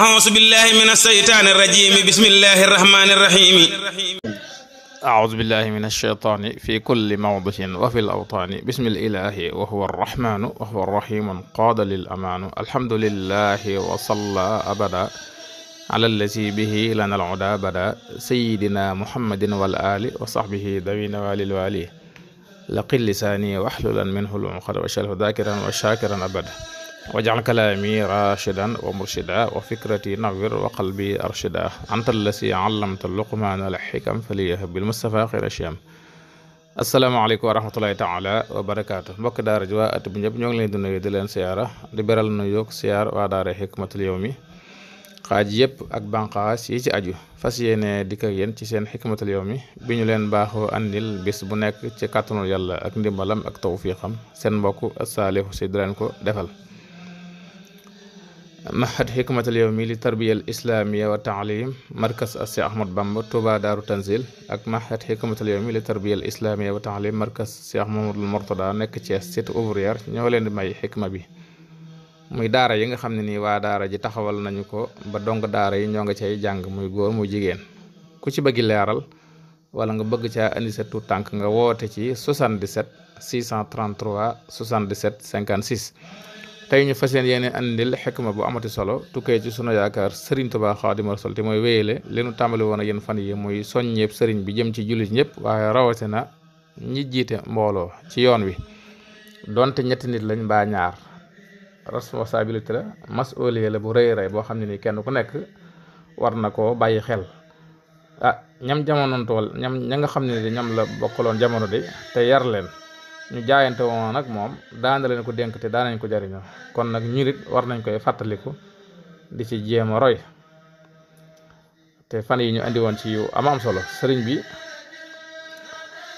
أعوذ بالله من الشيطان الرجيم بسم الله الرحمن الرحيم أعوذ بالله من الشيطان في كل موضع وفي الأوطان بسم الإله وهو الرحمن وهو الرحيم قاد للأمان الحمد لله وصلى أبدا على الذي به لنا العدا بدا سيدنا محمد والآل وصحبه ذوي نوال الوالي لقل لساني واحللا منه العقد واشاله ذاكرا وشاكرا أبدا wajal kalaami rashidan wa murshida wa fikrati nawir wa qalbi arshida anta allasi allamta luqmaana al xikam faliyaha bil mustafa a shiyam asalaamaaleykum wa rahmatulahi taala wa barakaatu mbokk daara ji waa at bi ñëpp ñoo ngi leen di nuyu di leen siyaara di beral nu yokk siyaar waa daara xikmatul yawmi xaaj yëpp ak banqaas yi ci aju fas yéene dikk ak yéen ci seen xikmatul yawmi bi ñu leen baaxoo andil bis bu nekk ci kàttanul yàlla ak ndimbalam ak tawfiqam seen mbokk Saalihu leen ko defal mahad xikmatal yawmi li tarbiya al islamiya wa taalim markas asi ahmad bamba touba daaru tanzil ak mahad xikmatal yawmi li tarbiya al islamiya wa taalim markas cheikh mahamadul mortada nekk ci site ouvrière ñoo leen di may xikma bi muy daara yi nga xam ne nii waa daara ji taxawal nañu ko ba dong daara yi ñoo nga cay jàng muy góor mu jigéen ku ci bëggi leeral wala nga bëgg caa indi sa tànk nga woote ci 77 633 77 56 tey ñu fas yéene andil ma bu amati solo tukkee ci sunu yaakaar sëriñ Tuubaa Xaadimu Rasuul te mooy wéyale leenu tàmbali woon ak yéen fan yi muy soññeeb sëriñ bi jëm ci jullit ñëpp waaye rawatina ñi jiite mbooloo ci yoon wi donte ñetti nit lañ baa ñaar responsabilité la masuliya la bu rëy rëy boo xam ne nii kenn ku nekk war na koo bàyyi xel ah ñam jamonoon tool ñam ña nga xam ne ni ñam la bokkaloon jamono di te yar leen ñu jaayante woon nag moom daana leen ko dénk te daanañ ko jariñoo kon nag ñu nit war nañ koy fàttaliku di ci jéem a roy te fan yi ñu andi woon ci yu am am solo sëriñ bi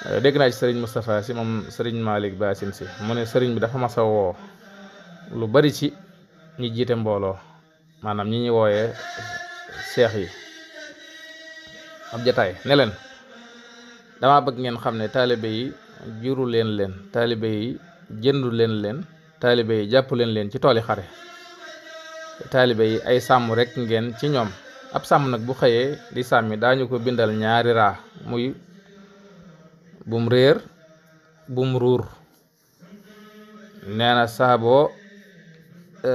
eh, dégg naa ci sëriñ Moustapha si moom sëriñ Malick Basin si mu ne sëriñ bi dafa masa woo lu bari ci ñi jiite mbooloo maanaam ñi ñuy wooyee seex yi ab jataay ne leen bëgg ngeen xam ne taalibe yi juru leen leen taalibe yi jëndu leen leen taalibe yi jàpp leen leen ci tooli xare taalibe yi ay sàmm rekk ngeen ci ñoom ab sàmm nag bu xëyee di sàmmi daañu ko bindal ñaari raa muy bum réer bum ruur neena na saaboo e,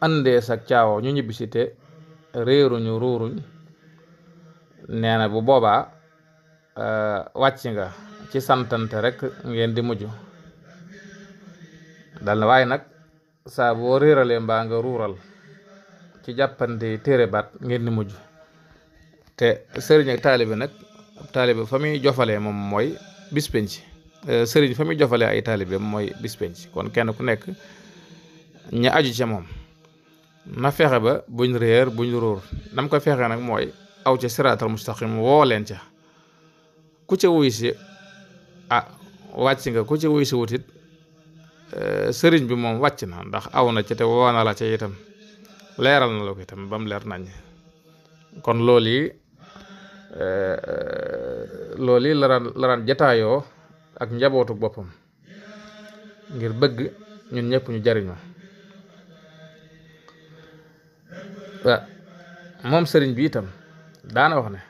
andee sa caawoo ñu ñibbisite réeru réeruñu ruuruñ nee bu boobaa e, wàcc nga ci santante rek ngeen di mujj dal na waaye nag saa boo réeralee mbaa nga ruural ci jàppandi téere baat ngeen di mujj te sëriñ ak taalibe nag taalibe fa muy jofalee moom mooy bis sëriñ fa muy jofalee ay taalibe mooy bis penc kon kenn ku nekk ña aju ca moom na fexe ba buñ réer buñ ruur nam ko fexe nag mooy aw ca siraatal mustaqim woo leen ca ku ca wuy si ah wàcc nga ku ci wuy si wut eh, sëriñ bi moom wàcc na ndax aw na ci te woo na la ca itam leeral na la ko itam ba mu leer nañ kon loolu yi eh, loolu yi laraan laraan jataayoo ak njabootu boppam ngir bëgg ñun ñëpp ñu jariñoo waa moom sëriñ bi itam daana wax ne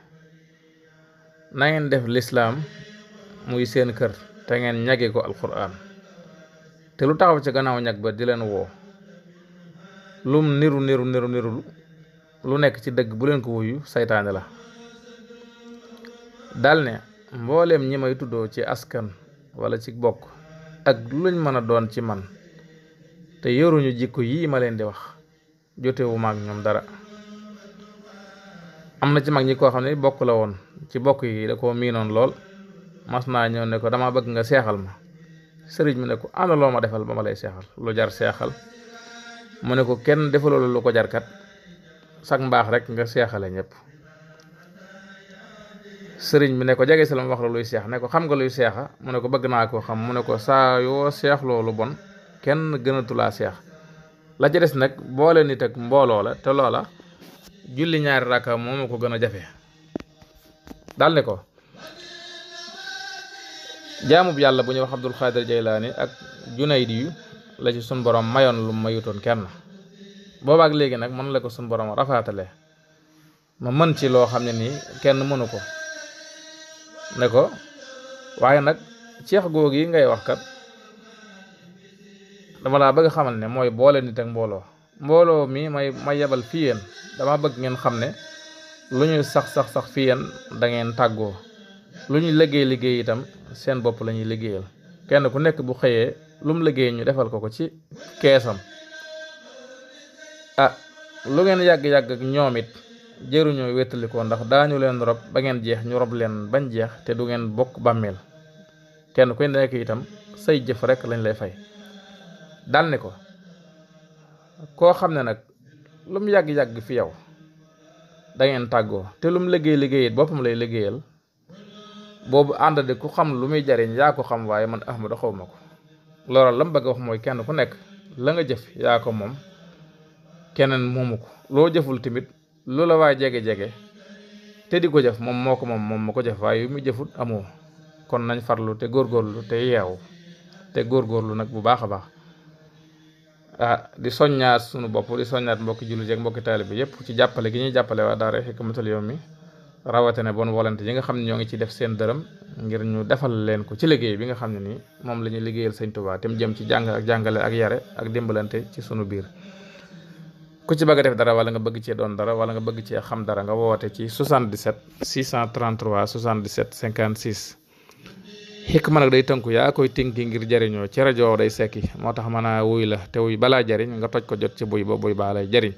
na ngeen def lislaam muy seen kër te ngeen ñagi ko alquran te lu taxaw ci gannaaw ñag ba di leen woo lum niru niru niru niru lu nekk ci dëgg bu leen ko wuyu seytaane la dal ne mbooleem ñi may tuddoo ci askan wala ci bokk ak luñ mën a doon ci man te yoruñu jikko yii ma leen di wax jotewu maag ñoom dara am na ci mag ñi koo xam ne bokk la woon ci bokk yi da koo miinoon lool mas naa ñëw ne ko dama bëgg nga seexal ma sëriñ bi ne ko ana loo ma defal ba ma lay seexal lu jar seexal mu ne ko kenn defaloo lu ko jarkat sag mbaax rek nga seexale ñépp sëriñ bi ne ko jege si la ma wax la luy seex ne ko xam nga luy seexa mu ne ko bëgg naa koo xam mu ne ko saa yoo seex loolu bon kenn gënatulaa seex la ci des nag boole nit ak mbooloo la te loola julli ñaari rakka moom ma ko gën a jafe dal ne ko jaamub yàlla bu ñuy wax Abdul Xaadir Jaylaani ak Junayd yu la ci sun borom mayoon lu mayutoon kenn boobaak léegi nag mën la ko sun borom rafaatale ma mën ci loo xam ne nii kenn mënu ko ne ko waaye nag ceex googu yi ngay wax kat dama laa bëgg xamal ne mooy boole nit ak mbooloo mbooloo mi may ma yebal fii yéen dama bëgg ngeen xam ne lu ñuy sax sax sax fii yéen dangeen tàggoo lu ñu liggéey liggéey itam seen bopp lañuy liggéeyal kenn ku nekk bu xëyee lu mu liggéey ñu defal ko ko ci keesam ah lu ngeen yàgg-yàgg ak ñoom it jëruñoo wettalikoo ndax daañu leen rob ba ngeen jeex ñu rob leen bañ jeex te du ngeen bokk bàmmeel kenn ku nekk itam say jëf rek lañ lay fay dal ni ko koo xam ne nag lu mu yàgg-yàgg fi yow dangeen tàggoo te lu mu liggéey liggéey it boppam lay liggéeyal boobu ànd de ku xam lu muy jariñ yaa ko xam waaye man ahmadu xaw ma ko loolu lam bëgg a wax mooy kenn ku nekk la nga jëf yaa ko moom keneen moomu ko loo jëful tamit lu la waa jege-jege te di ko jëf moom moo ko moom moom ma ko jëf waaye yu mu jëful amoo kon nañ farlu te góorgóorlu te yeewu te góor góorgóorlu nag bu baax a baax ah di soññaat sunu bopp di soññaat mbokki jullit yeeg mbokki taalibe bi yëpp ci jàppale gi ñuy jàppale waa daara Hikmatul Yawmi rawatina bonne volonté yi nga xam ne ñoo ngi ci def seen dërëm ngir ñu defal leen ko ci liggéey bi nga xam ne nii moom lañuy ñuy liggéeyal sëñ Tuubaa te mu jëm ci jàng ak jàngale ak yare ak dimbalante ci sunu biir ku ci bëgg a def dara wala nga bëgg cee doon dara wala nga bëgg cee xam dara nga woote ci 77 633 77 56 xikma nag day tënku yaa koy tinki ngir jariñoo ci rajo day sekki moo tax mën a wuy la te wuy balaa jariñ nga toj ko jot ci buy ba buy baa lay jariñ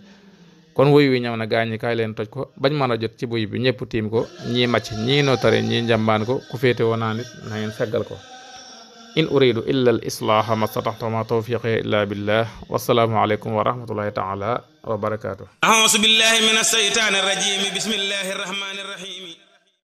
kon wuy wi ñëw na gaa ñi kaay leen toj ko bañ mën a jot ci buy bi ñëpp tiim ko ñii màcc ñii notare ñii njàmbaan ko ku féete woo naa nit na ngeen seggal ko in uridu illa al islaaha mastataxtu ma tawfiqi illa billah wasalaamu aleykum wa rahmatullahi taala wa barakaatu ausu billahi min alseytaani arrajim bismillahi arrahmani